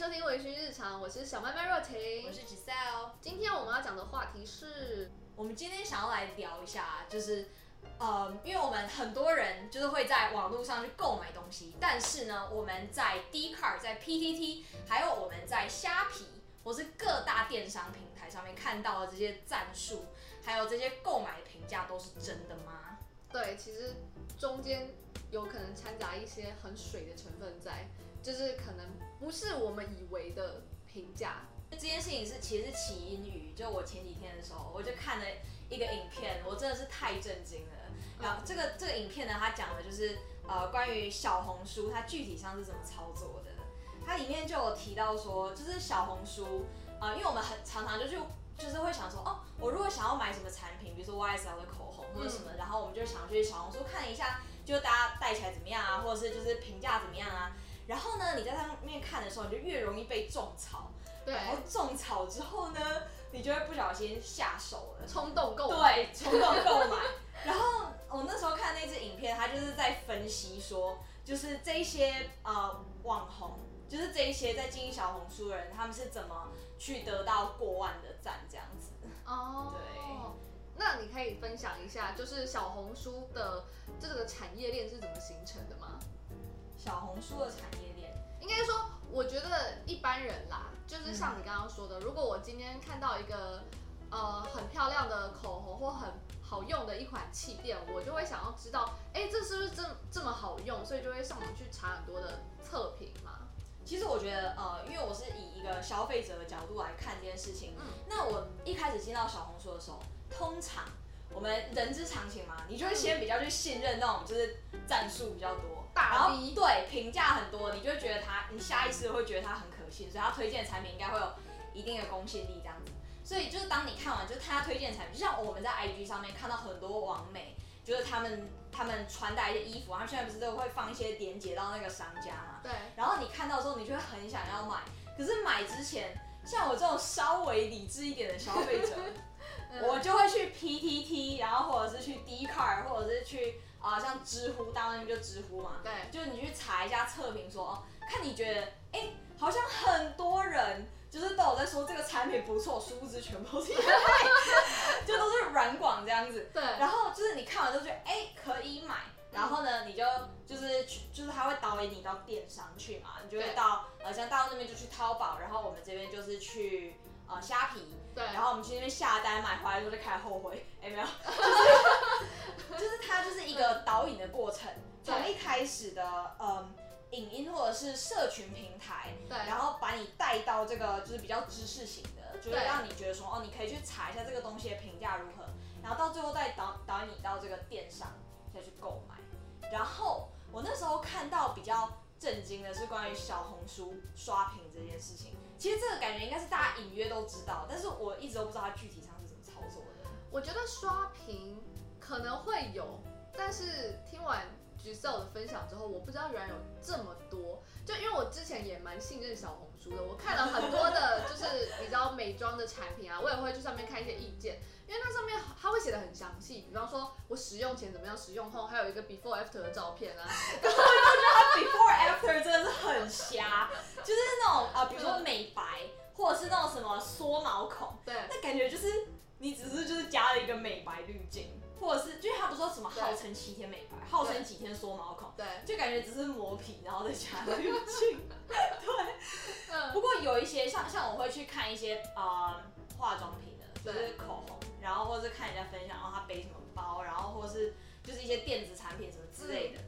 收聽微醺日常，我是小賣賣熱情，我是 Giselle。今天我們要講的話題是，我們今天想要來聊一下，就是呃，因為我們很多人就是會在網絡上去購買東西，但是呢，我們在 Dcard 在 PTT，還有我們在蝦皮或是各大電商平台上面看到的這些戰術，還有這些購買評價，都是真的嗎？對，其實中間有可能摻雜一些很水的成分在。就是可能不是我們以為的評價，這件事情是其實是起因於，就我前幾天的時候，我就看了一個影片，我真的是太震驚了。然、嗯、後這個這個影片呢，它講的就是呃關於小紅書它具體上是怎麼操作的。它裡面就有提到說，就是小紅書啊、呃，因為我們很常常就就是，就是會想說，哦，我如果想要買什麼產品，比如說 YSL 的口紅或者什麼、嗯，然後我們就想去小紅書看一下，就大家戴起來怎麼樣啊，或者是就是評價怎麼樣啊。然後呢，你在上面看的時候，你就越容易被種草。對。然後種草之後呢，你就會不小心下手了，衝動購買。對，衝動購買。 然後我那時候看那支影片，他就是在分析說，就是這一些呃、網紅，就是這一些在經營小紅書的人，他們是怎麼去得到過萬的讚這樣子。哦。對。那你可以分享一下，就是小紅書的這個產業鏈是怎麼形成的嗎？小紅書的產業鏈。應該說，我覺得一般人啦，就是像你剛剛說的、嗯，如果我今天看到一個呃很漂亮的口紅或很好用的一款氣墊，我就會想要知道，哎、欸，這是不是這這麼好用？所以就會上網去查很多的測評嘛。其實我覺得，呃，因為我是以一個消費者的角度來看這件事情，嗯，那我一開始進到小紅書的時候，通常我們人之常情嘛，你就會先比較去信任那種就是讚數比較多。然後一對評價很多，你就會覺得他，你下意識會覺得他很可信，所以他推薦的產品應該會有一定的公信力這樣子。所以就是當你看完，就他推薦產品，就像我們在 IG 上面看到很多網美，就是他們他們穿戴一些衣服，他們現在不是都會放一些連結到那個商家嘛，對。然後你看到之後，你就會很想要買。可是買之前，像我這種稍微理智一點的消費者、 嗯，我就會去 P T T，然後或者是去 Dcard，或者是去。啊、呃，像知乎，大陸那邊就知乎嘛，對，就是你去查一下測評，說哦，看你覺得，哎、欸，好像很多人就是都有在說這個產品不錯，殊不知全部都是一， 就都是軟廣這樣子。對，然後就是你看完就覺得，哎、欸，可以買，然後呢，嗯、你就就是就是他會導演你到電商去嘛，你就會到呃，像大陸那邊就去淘寶，然後我們這邊就是去呃蝦皮，對，然後我們去那邊下單買回來之後就開始後悔，哎、欸、沒有。就是 它就是一個導引的過程，從一開始的嗯影音、或者是社群平台，對，然後把你帶到這個就是比較知識型的，就是讓你覺得說哦，你可以去查一下這個東西的評價如何，然後到最後再導導你到這個電商再去購買。然後我那時候看到比較震驚的是關於小紅書刷單這件事情，其實這個感覺應該是大家隱約都知道，但是我一直都不知道它具體上是怎麼操作的。我覺得刷單。可能會有，但是聽完橘色的分享之後，我不知道原來有這麼多。就因為我之前也蠻信任小紅書的，我看了很多的，就是比較美妝的產品啊，我也會去上面看一些意見，因為那上面它會寫的很詳細。比方說，我使用前怎麼樣，使用後還有一個 before after 的照片啊。然後我就覺得它 before after 真的是很瞎， 就是那種啊，比如說美白， 或者是那種什麼縮毛孔， 對，那感覺就是你只是就是加了一個美白濾鏡。或者是，就因為他不說什麼號稱七天美白，號稱幾天縮毛孔，對，就感覺只是磨皮，然後再加濾鏡，對, 對、嗯。不過有一些像像我會去看一些啊、呃、化妝品的，就是口紅，然後或者是看人家分享，然後他背什麼包，然後或是就是一些電子產品什麼之類的。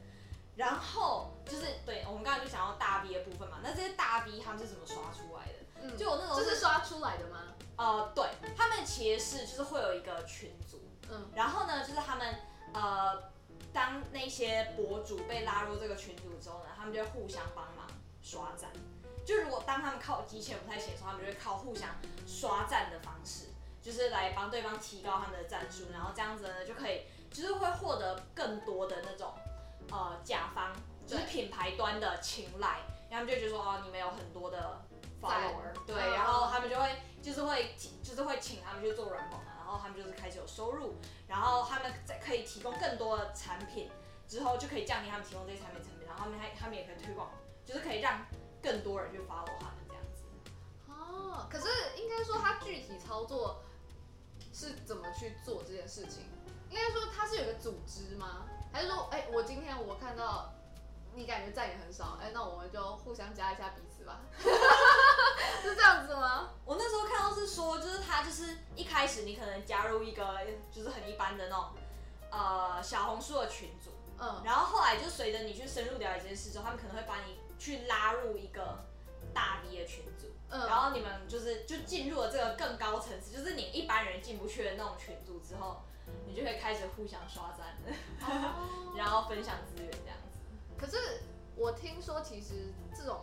然後就是，對，我們剛才就講到大 V 的部分嘛。那這些大 V 他們是怎麼刷出來的？嗯、就有那種就是,是刷出來的嗎？呃，對，他們其實是，就是會有一個群組。嗯，然後呢，就是他們，呃，當那些博主被拉入這個群組之後呢，他們就互相幫忙刷贊。就如果當他們靠機器人不太行的時候，他們就會靠互相刷贊的方式，就是來幫對方提高他們的讚數，然後這樣子呢就可以，就是會獲得更多的那種，呃，甲方，就是品牌端的青睞。然後他們就覺得說，哦，你們有很多的 follower，對，對、嗯，然後他們就會，就是會，就是會請他們去做軟文。然後他們就是開始有收入，然後他們可以提供更多的產品，之後就可以降低他們提供這些產品成本，然後他們還他們也可以推廣，就是可以讓更多人去 follow 他們這樣子。哦，可是應該說他具體操作是怎麼去做這件事情？應該說他是有個組織嗎？還是說，哎，我今天我看到。你感覺讚也很少，哎、欸，那我們就互相加一下彼此吧， 是這樣子嗎？我那時候看到是說，就是他就是一開始你可能加入一個就是很一般的那種呃小紅書的群組，嗯，然後後來就隨着你去深入了解這件事之後，他們可能會把你去拉入一個大 V 的群組，嗯，然後你們就是就進入了這個更高層次，就是你一般人進不去的那種群組之後，你就會開始互相刷讚，啊、 然後分享資源。可是我聽說，其實這種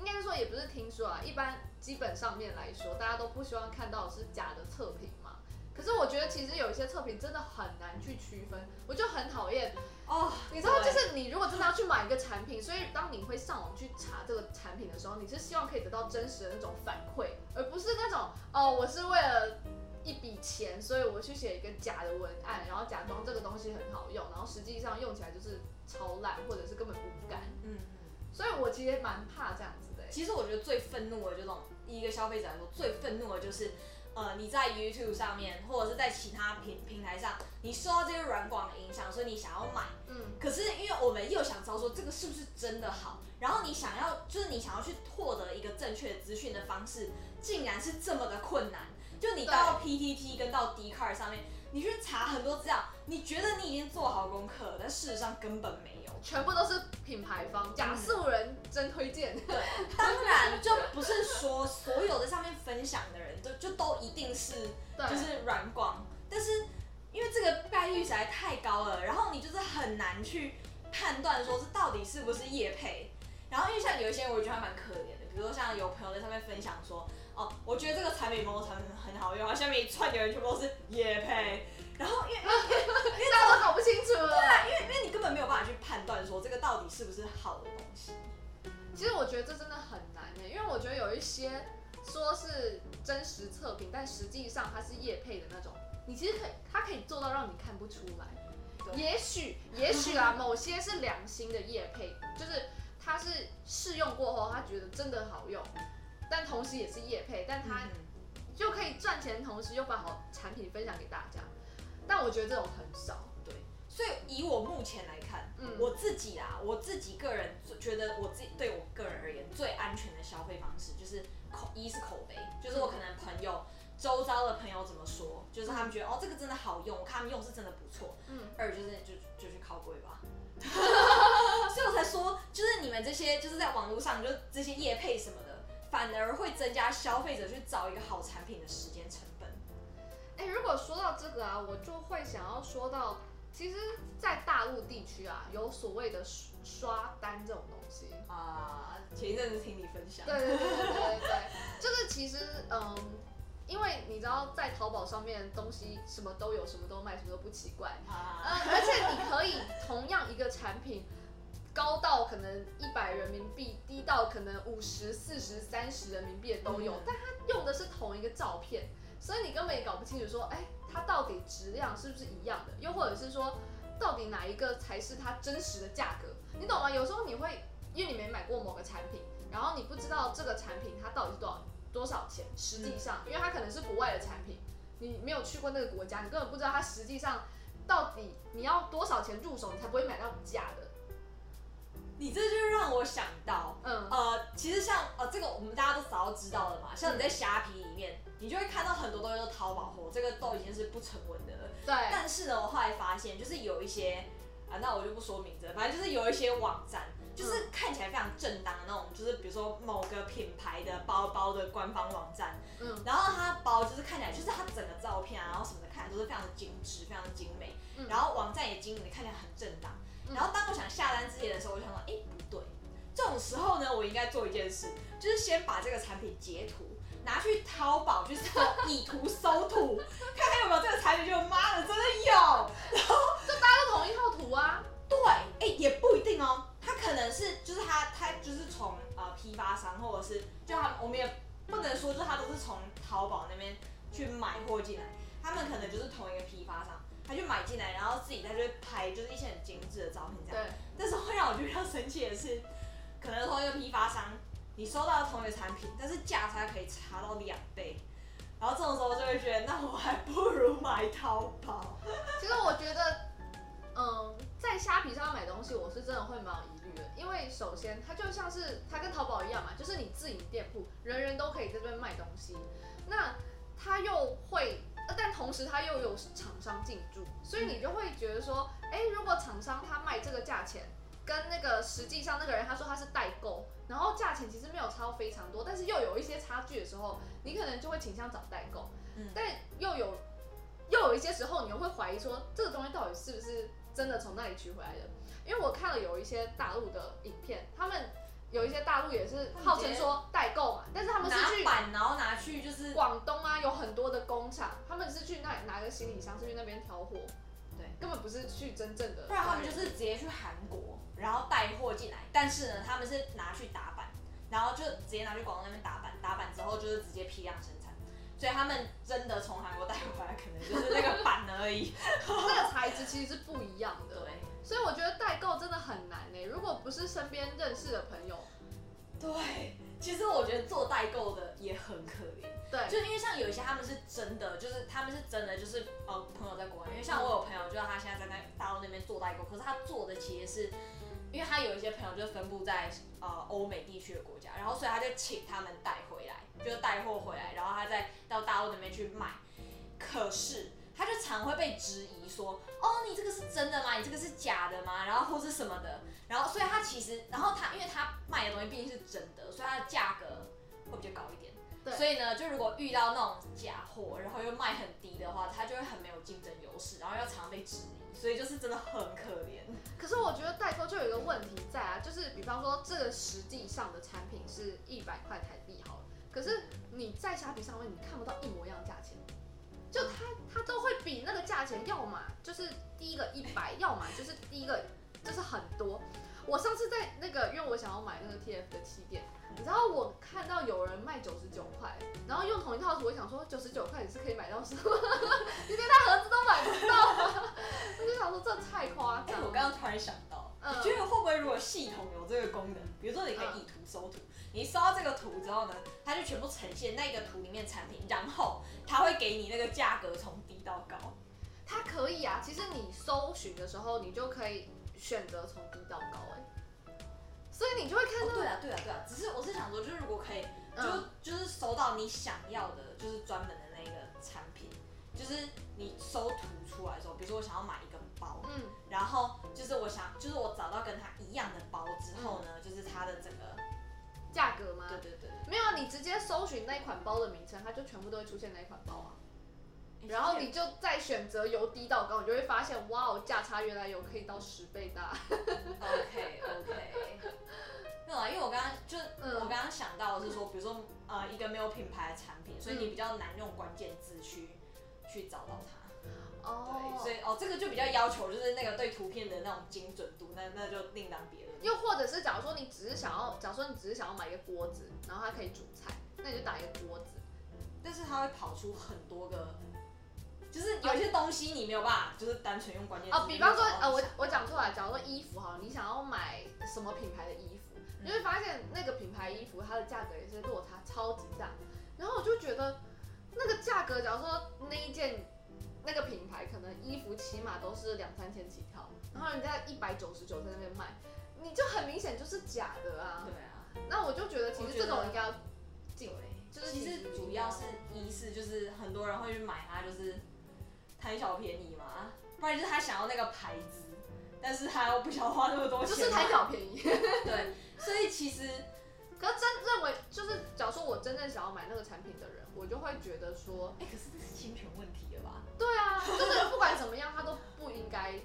應該說也不是聽說啊，一般基本上面來說，大家都不希望看到是假的測評嘛。可是我覺得其實有一些測評真的很難去區分，我就很討厭哦。你知道，就是你如果真的要去買一個產品，所以當你會上網去查這個產品的時候，你是希望可以得到真實的那種反饋，而不是那種哦，我是為了。一筆錢，所以我去寫一個假的文案，然後假裝這個東西很好用，然後實際上用起來就是超爛，或者是根本不敢。嗯，嗯，所以我其實蠻怕這樣子的欸。其實我覺得最憤怒的就是這種一個消費者來說，最憤怒的就是，呃，你在 YouTube 上面，或者是在其他平平台上，你受到這些軟廣的影響，所以你想要買。嗯。可是因為我們又想知道說這個是不是真的好，然後你想要就是你想要去獲得一個正確的資訊的方式，竟然是這麼的困難。就你到 P T T 跟到 D card 上面，你去查很多資料，你覺得你已經做好功課了，但事實上根本沒有，全部都是品牌方假素人真推薦。對， 當然就不是說所有的上面分享的人，就就都一定是就是軟廣，但是因為這個概率實在太高了，然後你就是很難去判斷說這到底是不是業配。然後因為像有一些人，我覺得還蠻可憐的，比如說像有朋友在上面分享說。哦，我覺得這個採美膜的產品很好用，啊，然下面一串的人全部都是業配，然後因為大家 因為 都搞不清楚了，對，因為因為你根本沒有辦法去判斷說這個到底是不是好的東西。其實我覺得這真的很難的，欸，因為我覺得有一些說是真實測評，但實際上它是業配的那種，你其實可以它可以做到讓你看不出來。也許也許啊， 某些是良心的業配，就是它是試用過後它覺得真的好用。但同時也是業配，但他又可以賺錢，同時又把好產品分享給大家、嗯。但我覺得這種很少，對。所以以我目前來看，嗯，我自己啊，我自己個人覺得，我自己對我個人而言最安全的消費方式就是口一是口碑，就是我可能朋友、嗯、周遭的朋友怎麼說，就是他們覺得哦這個真的好用，我看他們用的是真的不錯，嗯。二就是就就去靠櫃吧， 所以我才說，就是你們這些就是在網絡上就這些業配什麼的。反而會增加消費者去找一個好產品的時間成本。欸，如果說到這個啊，我就會想要說到，其實，在大陸地區啊，有所謂的刷單這種東西啊，前一陣子聽你分享，對對對對對對，就是其實嗯，因為你知道，在淘寶上面東西什麼都有，什麼都賣，什麼都不奇怪啊，嗯，而且你可以同樣一個產品。高到可能一百人民幣，低到可能五十、四十、三十人民幣都有，嗯、但它用的是同一個照片，所以你根本也搞不清楚說，哎，它到底質量是不是一樣的？又或者是說，到底哪一個才是它真實的價格？你懂嗎？有時候你會因為你沒買過某個產品，然後你不知道這個產品它到底是多少多少錢。實際上、嗯，因為它可能是國外的產品，你沒有去過那個國家，你根本不知道它實際上到底你要多少錢入手，你才不會買到假的。你這就讓我想到，嗯，呃，其實像呃這個我們大家都早就知道了嘛，嗯、像你在蝦皮裡面，你就會看到很多東西都是淘寶貨，這個都已經是不成文的了。對、嗯。但是呢，我後來發現，就是有一些，啊、呃，那我就不說名字了，反正就是有一些網站，就是看起來非常正當的那種、嗯，就是比如說某個品牌的包包的官方網站，嗯，然後它包就是看起來，就是它整個照片啊，然後什麼的看起來都是非常的精緻，非常的精美，嗯、然後網站也經營的看起來很正當，然後當的時候，我想到，哎、欸，不對，這種時候呢，我應該做一件事，就是先把這個產品截圖，拿去淘寶，就是以圖搜圖， 看看有沒有這個產品。就媽的，真的有，然後就搭到同一套圖啊。對，哎、欸，也不一定哦，他可能是，就是他，他就是從呃批發商，或者是就他，我們也不能說就他都是從淘寶那邊去買貨進來，他們可能就是同一個批發商。他就買進來，然後自己在這拍，就是一些很精致的照片，這樣。對。但是會讓我覺得比較神奇的是，可能同一個批發商，你收到同一個產品，但是價差可以差到兩倍，然後這種時候就會覺得，那我還不如買淘寶。其實我覺得，嗯，在蝦皮上買東西，我是真的會蠻有疑慮的，因為首先它就像是它跟淘寶一樣嘛，就是你自營店鋪，人人都可以在這邊賣東西，那。他又會，但同時他又有廠商進駐，所以你就會覺得說，誒，如果廠商他賣這個價錢，跟那個實際上那個人他說他是代購，然後價錢其實沒有差非常多，但是又有一些差距的時候，你可能就會傾向找代購。但又有又有一些時候，你又會懷疑說這個東西到底是不是真的從那裡取回來的？因為我看了有一些大陸的影片，他們。有一些大陸也是號稱說代購嘛，但是他們是去板，然後拿去就是廣東啊，有很多的工廠，他們是去那裡拿個行李箱，是去那邊挑貨，對，對，根本不是去真正的。不然他們就是直接去韓國，然後帶貨進來，但是呢，他們是拿去打板，然後就直接拿去廣東那邊打板，打板之後就是直接批量生產，所以他們真的從韓國帶回來，可能就是那個板而已，這 個材質其實是不一樣的。對。所以我覺得代購真的很難哎、欸，如果不是身邊認識的朋友，對，其實我覺得做代購的也很可憐，對，就因為像有一些他們是真的，就是他們是真的，就是呃、嗯、朋友在國外，因為像我有朋友，就讓他現在在那大陸那邊做代購，可是他做的其實是，因為他有一些朋友就分布在呃歐美地區的國家，然後所以他就請他們帶回來，就是帶貨回來，然後他再到大陸那邊去賣，可是。他就常會被質疑說，哦，你這個是真的嗎？你這個是假的嗎？然後或者什麼的，嗯、然後所以他其實，然後他因為他賣的東西畢竟是真的，所以他的價格會比較高一點。對。所以呢，就如果遇到那種假貨，然後又賣很低的話，他就會很沒有競爭優勢，然後要常，常被質疑，所以就是真的很可憐。可是我覺得代購就有一個問題在啊，就是比方說這個實際上的產品是一百塊台幣好了，可是你在蝦皮上面你看不到一模一樣的價錢。就它，它都會比那個價錢，要嘛，就是低個一百，要嘛，就是低個，就是很多。我上次在那個，因為我想要買那個 TF 的氣墊，然後我看到有人賣九十九塊，然後用同一套圖，我想說九十九塊你是可以買到什麽？ 你連大盒子都買不到嘛，我就想說這太誇張了，欸。我剛剛突然想。你覺得會不會如果系統有這個功能，比如說你可以以圖搜圖，嗯、你搜到這個圖之後呢，它就全部呈現那個圖裡面產品，然後它會給你那個價格從低到高？它可以啊，其實你搜尋的時候，你就可以選擇從低到高、欸、所以你就會看到。哦。對啊，對啊，對啊。只是我是想說，就是如果可以就、嗯，就就是搜到你想要的，就是專門的那個產品，就是你搜圖出來的時候，比如說我想要買一個包，嗯。然後就是我想，就是我找到跟它一樣的包之後呢，嗯、就是它的整個價格嗎？對對對，沒有啊，你直接搜尋那一款包的名稱，它就全部都會出現那一款包啊。欸、然後你就再選擇由低到高，你就會發現，嗯、哇、哦，價差原來有可以到十倍大。 OK OK， 沒有啊，因為我剛剛就我剛剛想到的是說、嗯，比如說、呃、一個沒有品牌的產品，所以你比較難用關鍵字去、嗯、去找到它。哦，所以哦，這個就比較要求就是那個對圖片的那種精準度，那那就另當別論。又或者是假如說你只是想要，假如說你只是想要買一個鍋子，然後它可以煮菜，那你就打一個鍋子，嗯。但是它會跑出很多個，就是有一些東西你沒有辦法，啊、就是單純用關鍵詞哦，比方說呃、啊，我我講出來，假如說衣服哈，你想要買什麼品牌的衣服，嗯，你會發現那個品牌衣服它的價格也是落差超級大。然後我就覺得那個價格，假如說那一件。嗯那個品牌可能衣服起碼都是兩三千起跳、嗯，然後人家一百九十九在那邊賣、嗯，你就很明顯就是假的啊對。對啊，那我就覺得其實這種應該要敬畏，就是、啊、其實主要是一是就是很多人會去買它、啊，就是貪小便宜嘛，不然就是他想要那個牌子，但是他又不想花那麼多錢，就是貪小便宜。 對，所以其實。可是真認為就是，假如說我真正想要買那個產品的人，我就會覺得說，哎，可是這是侵權問題了吧？對啊，就是不管怎麼樣，他都不應該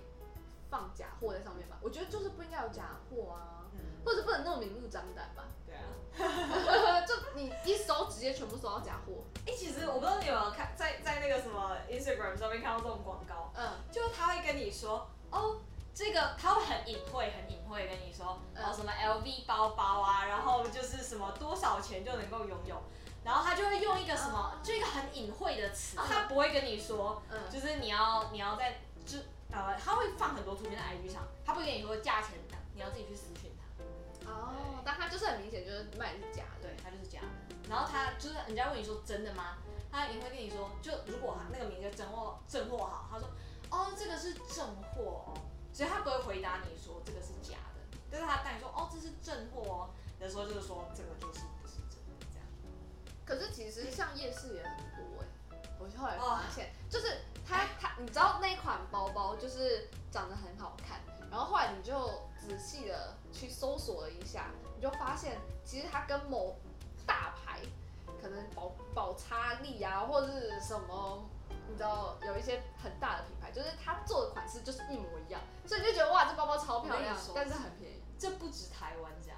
放假貨在上面吧？我覺得就是不應該有假貨啊，或者不能那麼明目張膽吧？對啊，就你一搜，直接全部搜到假貨。哎，其實我不知道你們有沒有看在在那個什麼 Instagram 上面看到這種廣告？嗯，就他會跟你說，哦。這個他會很隱晦，很隱晦跟你說，然後什麼 LV 包包啊，然後就是什麼多少錢就能夠擁有，然後他就會用一個什麼，嗯、就一個很隱晦的詞、啊，他不會跟你說，就是你要，你要在，就、呃、他會放很多圖片在 IG 上，他不會跟你說價錢，你要自己去私信他。哦，但他就是很明顯就是賣的是假的，對，他就是假的。然後他就是人家問你說真的嗎？他隱晦跟你說，就如果。說就是說，這個就是不是真的這樣。可是其實像夜市也很多誒、欸欸，我就後來發現，就是它它，你知道那一款包包就是長得很好看，然後後來你就仔細的去搜索了一下，你就發現其實它跟某大牌可能包包差利啊，或是什麼，你知道有一些很大的品牌，就是它做的款式就是一模一樣，所以你就覺得哇，這包包超漂亮，但是很便宜。這不止台灣這樣。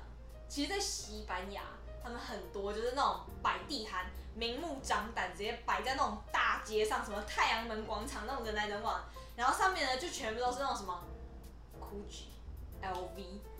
其實，在西班牙，他們很多就是那種擺地攤，明目張膽，直接擺在那種大街上，什麼太陽門廣場那種人來人往，然後上面呢，就全部都是那種什麼 Gucci、Cucci,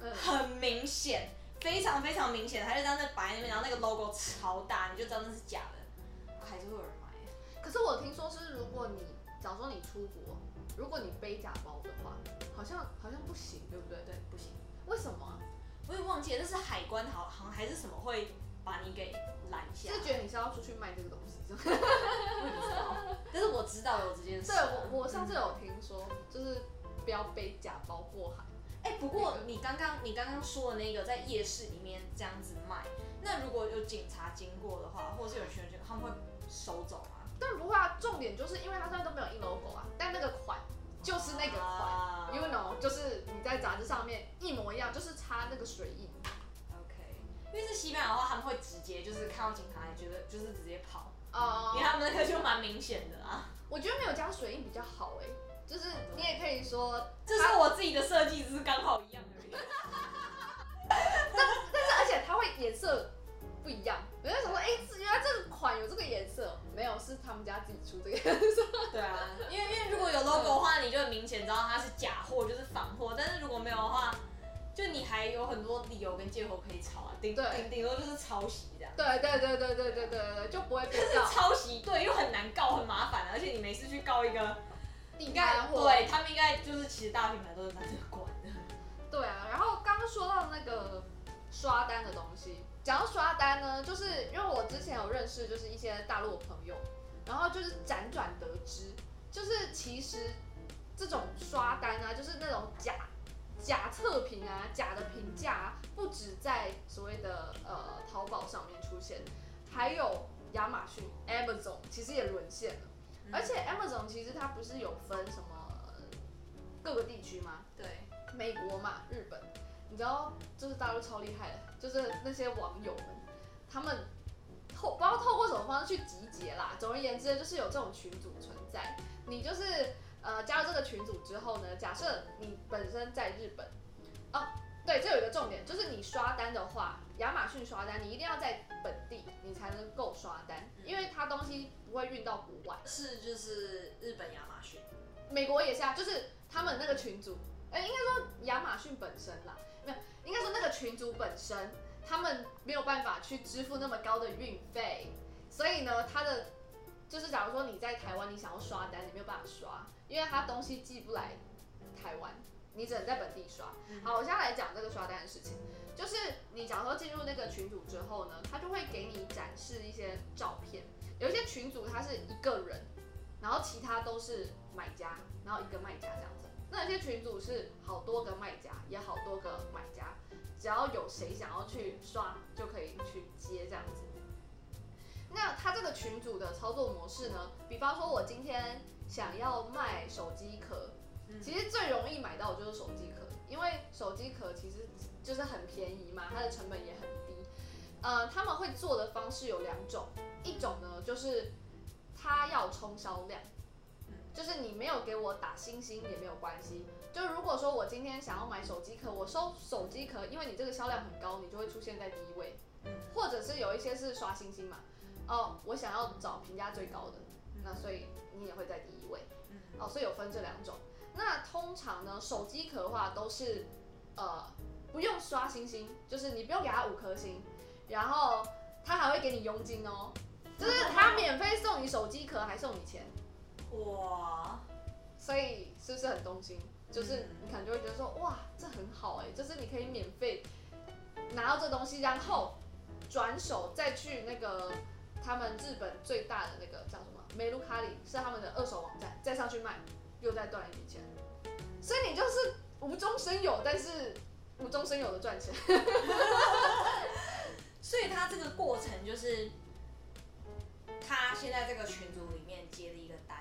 LV，很明顯，非常非常明顯，還是在那擺那邊，然後那個 logo 超大，你就知道那是假的，還是會有人買、欸。可是我聽說是，如果你，假如說你出國，如果你背假包的話，好像好像不行，對不對？對，不行。為什麼？我也忘記了，那是海關好，好像還是什麼會把你給攔下，就覺得你是要出去賣這個東西，哈哈哈哈哈。但是我知道有這件事。對，我我上次有聽說，嗯、就是不要背假包過海。哎、欸，不過你剛剛、那個、你剛剛說的那個在夜市裡面這樣子賣，那如果有警察經過的話，或者是有巡警，他們會收走嗎、啊？但不會啊。重點就是因為他雖然都沒有印 logo 啊，但那個款。就是那個款，因為呢，就是你在雜誌上面一模一樣，就是插那個水印，OK。因為是西班牙的話，他們會直接就是看到警察，覺得就是直接跑，uh, 因為他們的那個就蠻明顯的啊。我覺得沒有加水印比較好哎、欸，就是你也可以說他，這、就是我自己的設計只是剛好一樣而已。但 但是而且它會顏色不一樣，我就想說，哎、欸，原來這個款有這個顏色沒有？是他們家自己出這個顏色， 對啊，因為。你就很明顯知道它是假貨，就是仿貨。但是如果沒有的話，就你還有很多理由跟借口可以吵啊。頂頂頂多就是抄襲這樣。對對對對對對對對，就不會被。就是抄襲，對，又很難告，很麻煩啊。而且你每次去告一個，應該對他們應該就是其實大品牌都是拿這個管的。對啊，然後剛剛說到那個刷單的東西，講到刷單呢，就是因為我之前有認識，就是一些大陸的朋友，然後就是輾轉得知，就是其實。這種刷單啊，就是那種假假測評啊，假的評價啊，不止在所謂的呃淘寶上面出現，還有亞馬遜 Amazon 其實也淪陷了。而且 Amazon 其實它不是有分什麼各個地區嗎？對，美國嘛，日本，你知道就是大陸超厲害的，就是那些網友們，他們透不知道透過什麼方式去集結啦。總而言之，就是有這種群組存在，你就是。呃，加入這個群組之後呢，假設你本身在日本、嗯，哦，對，這有一個重點，就是你刷單的話，亞馬遜刷單，你一定要在本地，你才能夠刷單，嗯、因為它東西不會運到國外。是，就是日本亞馬遜，美國也是啊，就是他們那個群組，哎、欸，應該說亞馬遜本身啦，沒有，應該說那個群組本身，他們沒有辦法去支付那麼高的運費，所以呢，它的。就是假如說你在台灣，你想要刷單，你沒有辦法刷，因為他東西寄不來台灣，你只能在本地刷。好，我現在來講這個刷單的事情，就是你假如說進入那個群組之後呢，他就會給你展示一些照片，有一些群組他是一個人，然後其他都是買家，然後一個賣家這樣子，那有些群組是好多個賣家也好多個買家，只要有誰想要去刷就可以去接這樣子。那他這個群組的操作模式呢？比方說，我今天想要賣手機殼，其實最容易買到的就是手機殼，因為手機殼其實就是很便宜嘛，它的成本也很低。呃，他們會做的方式有兩種，一種呢就是他要衝銷量，就是你沒有給我打星星也沒有關係。就如果說我今天想要買手機殼，我收手機殼，因為你這個銷量很高，你就會出現在第一位，或者是有一些是刷星星嘛。哦、oh,，我想要找評價最高的，mm -hmm. 那所以你也會在第一位。哦、mm -hmm.，oh, 所以有分這兩種。那通常呢，手機殼的話都是，呃，不用刷星星，就是你不用給他五顆星，然後他還會給你佣金哦，就是他免費送你手機殼，還送你錢。哇、wow.，所以是不是很動心？就是你可能就會覺得說，哇，這很好哎、欸，就是你可以免費拿到這東西，然後轉手再去那個。他們日本最大的那個叫什麼？梅盧卡里是他們的二手網站，再上去賣，又再賺一筆錢。所以你就是無中生有，但是無中生有的賺錢。 所以他這個過程就是，他先在這個群組裡面接了一個單，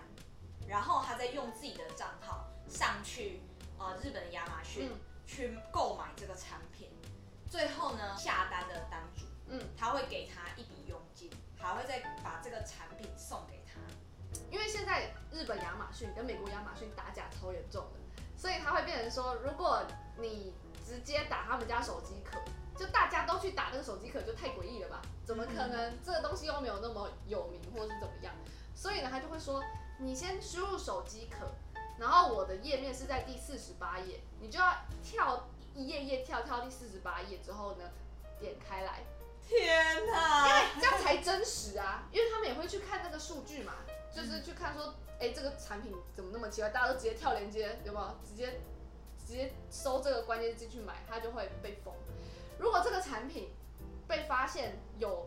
然後他在用自己的賬號上去啊、呃、日本的亞馬遜、嗯、去購買這個產品，最後呢，下單的單主，嗯，他會給他一筆。還會再把這個產品送給他，因為現在日本亞馬遜跟美國亞馬遜打假超嚴重的，所以他會變成說，如果你直接打他們家手機殼，就大家都去打那個手機殼，就太詭異了吧？怎麼可能這個東西又沒有那麼有名或是怎麼樣？所以呢，他就會說，你先輸入手機殼，然後我的頁面是在第四十八頁，你就要跳一頁頁跳跳第四十八頁之後呢，點開來。天吶！因為這樣才真實啊， 因為他們也會去看那個數據嘛，就是去看說，哎、欸，這個產品怎麼那麼奇怪，大家都直接跳鏈接，對吧，直接直接搜這個關鍵字去買，它就會被封。如果這個產品被發現有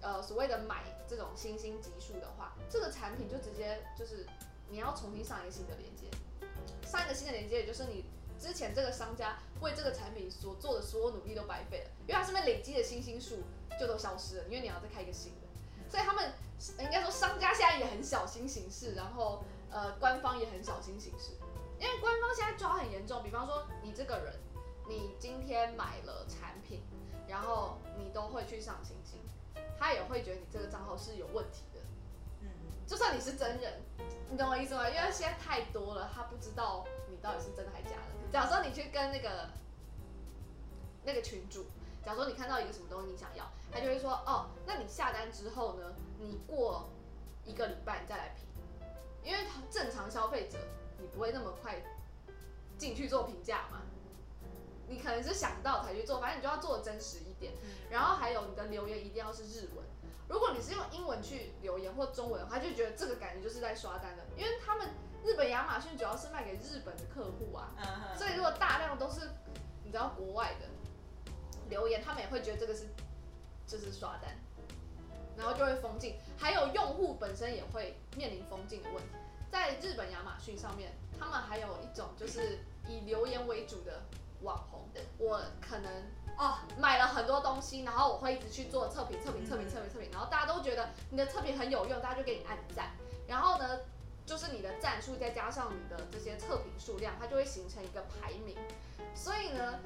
呃所謂的買這種星星級數的話，這個產品就直接就是你要重新上一個新的鏈接，上一個新的鏈接也就是你。之前這個商家為這個產品所做的所有努力都白費了，因為它上面累積的星星數就都消失了，因為你要再開一個新的。所以他們應該說，商家現在也很小心行事，然後呃，官方也很小心行事，因為官方現在抓很嚴重。比方說你這個人，你今天買了產品，然後你都會去上星星，他也會覺得你這個賬號是有問題的，嗯，就算你是真人。你懂我意思嗎？因為現在太多了，他不知道你到底是真的還是假的。假如說你去跟那個那個群主，假如說你看到一個什麼東西你想要，他就會說：“哦，那你下單之後呢？你過一個禮拜你再來評，因為正常消費者你不會那麼快進去做評價嘛。你可能是想不到才去做，反正你就要做真實一點。然後還有你的留言一定要是日文。”如果你是用英文去留言或中文的話，他就覺得這個感覺就是在刷單的，因為他們日本亞馬遜主要是賣給日本的客戶啊，所以如果大量都是你知道國外的留言，他們也會覺得這個是就是刷單，然後就會封禁，還有用戶本身也會面臨封禁的問題。在日本亞馬遜上面，他們還有一種就是以留言為主的。網紅的，我可能哦買了很多東西，然後我會一直去做測評，測評，測評，測評，測評，然後大家都覺得你的測評很有用，大家就給你按讚，然後呢，就是你的讚數再加上你的這些測評數量，它就會形成一個排名。所以呢，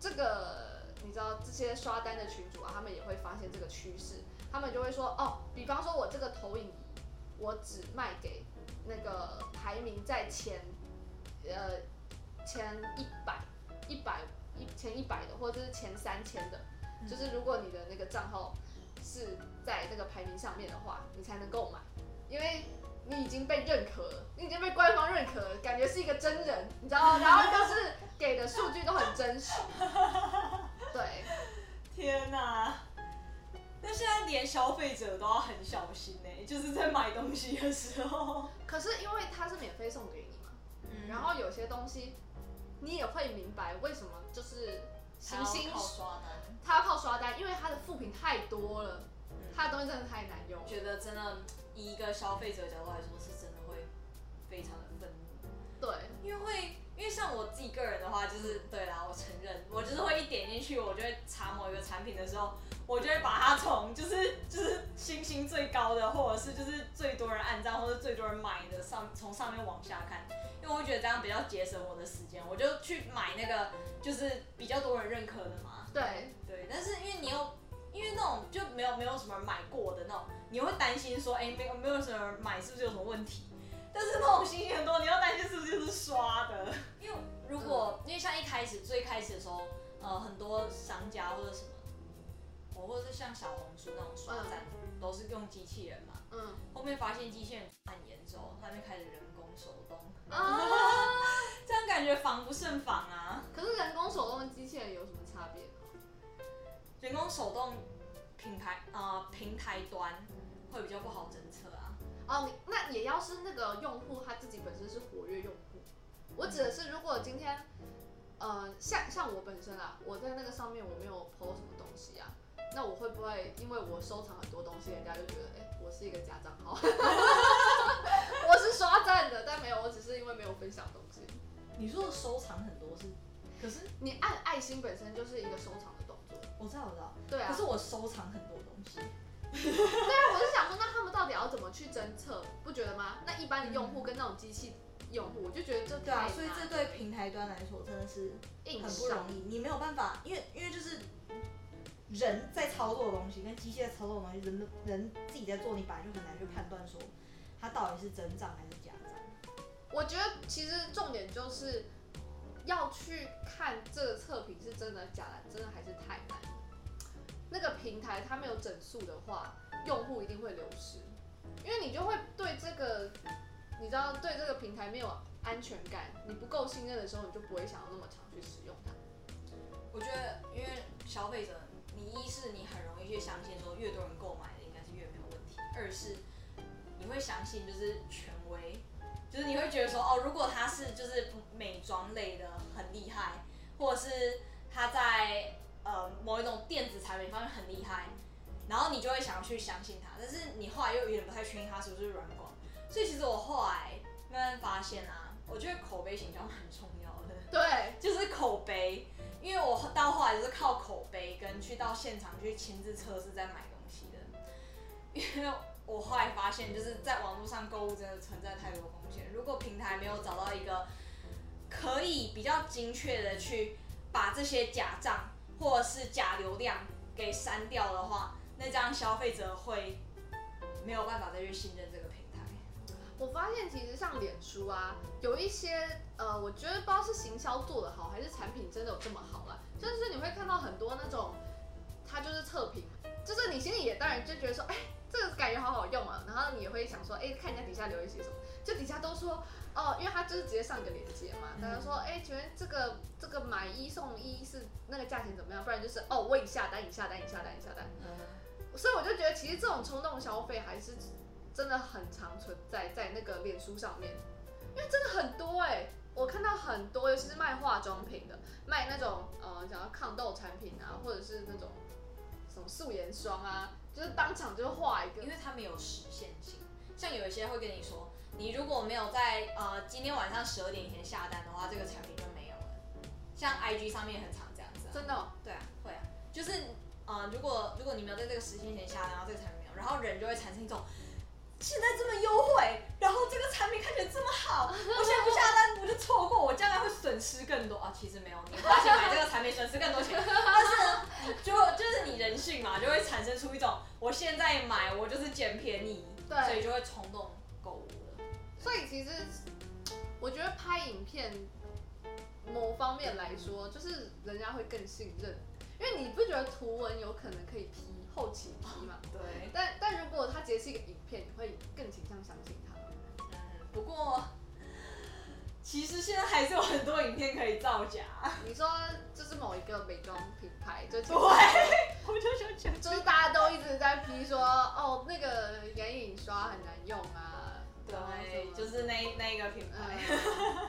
這個你知道這些刷單的群主啊，他們也會發現這個趨勢，他們就會說哦，比方說我這個投影儀，我只賣給那個排名在前，呃，前一百。一百一前一百的，或者是前三千的，嗯，就是如果你的那個賬號是在那個排名上面的話，你才能購買，因為你已經被認可了，你已經被官方認可了，感覺是一個真人，你知道嗎？然後就是給的數據都很真實。 對，天哪，啊！那現在連消費者都要很小心哎，欸，就是在買東西的時候。可是因為它是免費送給你嘛，嗯嗯，然後有些東西。你也會明白為什麼就是星星，他要靠刷單，刷單因為他的負評太多了，嗯，他的東西真的太難用了，覺得真的以一個消費者的角度來說，是真的會非常的憤怒，對，因為。因為像我自己個人的話，就是對啦，我承認，我就是會一點進去，我就會查某一個產品的時候，我就會把它從就是就是星星最高的，或者是就是最多人按讚，或者是最多人買的上從上面往下看，因為我覺得這樣比較節省我的時間，我就去買那個就是比較多人認可的嘛。對對，但是因為你又因為那種就沒有沒有什麼人買過的那種，你會擔心說，哎、欸，沒沒有什麼人買，是不是有什麼問題？但是那種心情很多，你要擔心是不是就是刷的？因為如果、嗯、因為像一開始最開始的時候，呃，很多商家或者什麼，我或者是像小紅書那種刷單、嗯，都是用機器人嘛。嗯。後面發現機器人很嚴重，他們開始人工手動。啊！ 這樣感覺防不勝防啊。可是人工手動機器人有什麼差別？人工手動品牌啊、呃、平台端會比較不好偵測啊。哦，那也要是那個用戶他自己本身是活躍用戶。我指的是，如果今天，呃，像像我本身啊，我在那個上面我沒有 PO 什麼東西啊，那我會不會因為我收藏很多東西，人家就覺得，哎、欸，我是一個假賬號？ 我是刷讚的，但沒有，我只是因為沒有分享東西。你說收藏很多是，可是你按愛心本身就是一個收藏的動作，我知道，我知道，對啊，可是我收藏很多東西。 對啊，我是想說，那他們到底要怎麼去偵測，不覺得嗎？那一般的用戶跟那種機器用戶、嗯，我就覺得這對啊，所以這對平台端來說真的是很不容易，你沒有辦法，因為因為就是人在操作的東西跟機器在操作的東西，人的人自己在做，你本來就很難去判斷說它到底是真帳還是假帳。我覺得其實重點就是要去看這個測評是真的假的，真的還是太難。那個平台它沒有整肅的話，用戶一定會流失，因為你就會對這個，你知道對這個平台沒有安全感，你不夠信任的時候，你就不會想要那麼常去使用它。我覺得，因為消費者，你一是你很容易去相信說，越多人購買的應該是越沒有問題；二是你會相信就是權威，就是你會覺得說，哦，如果他是就是美妝類的很厲害，或者是他在。呃，某一種電子產品方面很厲害，然後你就會想要去相信它。但是你後來又有點不太確定它是不是軟廣。所以其實我後來慢慢發現啊，我覺得口碑形象很重要的，對，就是口碑。因為我到後來就是靠口碑跟去到現場去親自測試在買東西的，因為我後來發現就是在網絡上購物真的存在太多風險。如果平台沒有找到一個可以比較精確的去把這些假賬。或者是假流量給刪掉的話，那這樣消費者會沒有辦法再去信任這個平台。我發現其實像臉書啊，有一些呃，我覺得不知道是行銷做得好，還是產品真的有這麼好啦，就是你會看到很多那種，它就是測評，就是你心裡也當然就覺得說，欸，這個感覺好好用啊，然後你也會想說，欸，看人家底下留一些什麼，就底下都說。哦，因為他就是直接上一個鏈接嘛，大家說，哎、欸，請問這個這個買一送一是那個價錢怎麼樣？不然就是哦，我已下單，已下單，已下單，已下單、嗯。所以我就覺得其實這種衝動消費還是真的很常存在在那個臉書上面，因為真的很多哎、欸，我看到很多，尤其是賣化妝品的，賣那種呃，想要抗痘產品啊，或者是那種什麼素顏霜啊，就是當場就畫一個，因為他沒有時限性，像有一些會跟你說。你如果沒有在呃今天晚上十二點以前下單的話，這個產品就沒有了。像 IG 上面也很常這樣子。真的哦？對啊，會啊，就是呃如果如果你沒有在這個時間前下單的話、嗯，這個產品沒有，然後人就會產生一種現在這麼優惠，然後這個產品看起來這麼好，我現在不下單我就錯過，我將來會損失更多。啊，其實沒有你，而想買這個產品損失更多錢， 但是呢就就是你人性嘛，就會產生出一種我現在買我就是撿便宜，對，所以就會衝動購物。所以其實，我覺得拍影片某方面來說，就是人家會更信任，因為你不覺得圖文有可能可以 P 後期 P 嗎？哦？對。但但如果他截是一個影片，你會更傾向相信他。不過，其實現在還是有很多影片可以造假。你說，就是某一個美妝品牌就對我就想講，就是大家都一直在 P 說，哦，那個眼影刷很難用啊。對，對，就是那那一個品牌 、嗯。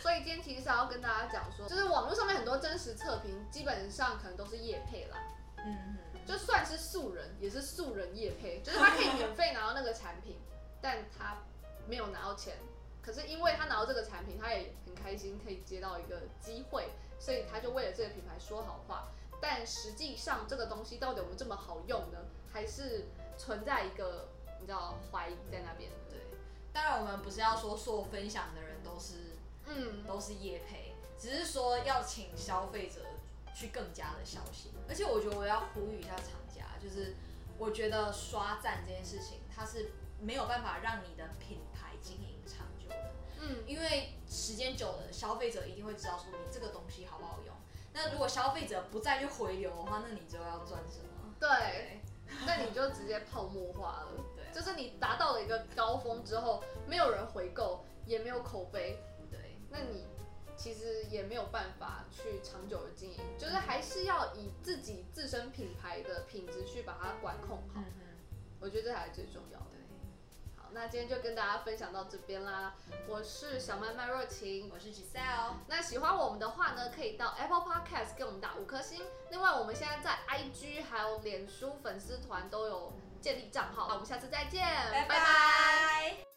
所以今天其實想要跟大家講說，就是網絡上面很多真實測評，基本上可能都是業配啦。嗯，嗯就算是素人，也是素人業配，就是他可以免費拿到那個產品， 但他沒有拿到錢。可是因為他拿到這個產品，他也很開心可以接到一個機會，所以他就為了這個品牌說好話。但實際上這個東西到底有沒有這麼好用呢？還是存在一個你知道懷疑在那邊。嗯當然，我們不是要說做分享的人都是，嗯，都是業配，只是說要請消費者去更加的小心。而且，我覺得我要呼籲一下廠家，就是我覺得刷讚這件事情，它是沒有辦法讓你的品牌經營長久的，嗯，因為時間久了，消費者一定會知道說你這個東西好不好用。那如果消費者不再去回流的話，那你就要賺什麼？對，對 那你就直接泡沫化了。就是你達到了一個高峰之後，沒有人回購，也沒有口碑，對，那你其實也沒有辦法去長久的經營，就是還是要以自己自身品牌的品質去把它管控好，嗯嗯，我覺得這才是最重要的，對。好，那今天就跟大家分享到這邊啦，我是小曼曼若晴，我是 Giselle，那喜歡我們的話呢，可以到 Apple Podcast 給我們打五顆星，另外我們現在在 IG 還有臉書粉絲團都有。建立賬號，那我們下次再見，拜拜。Bye bye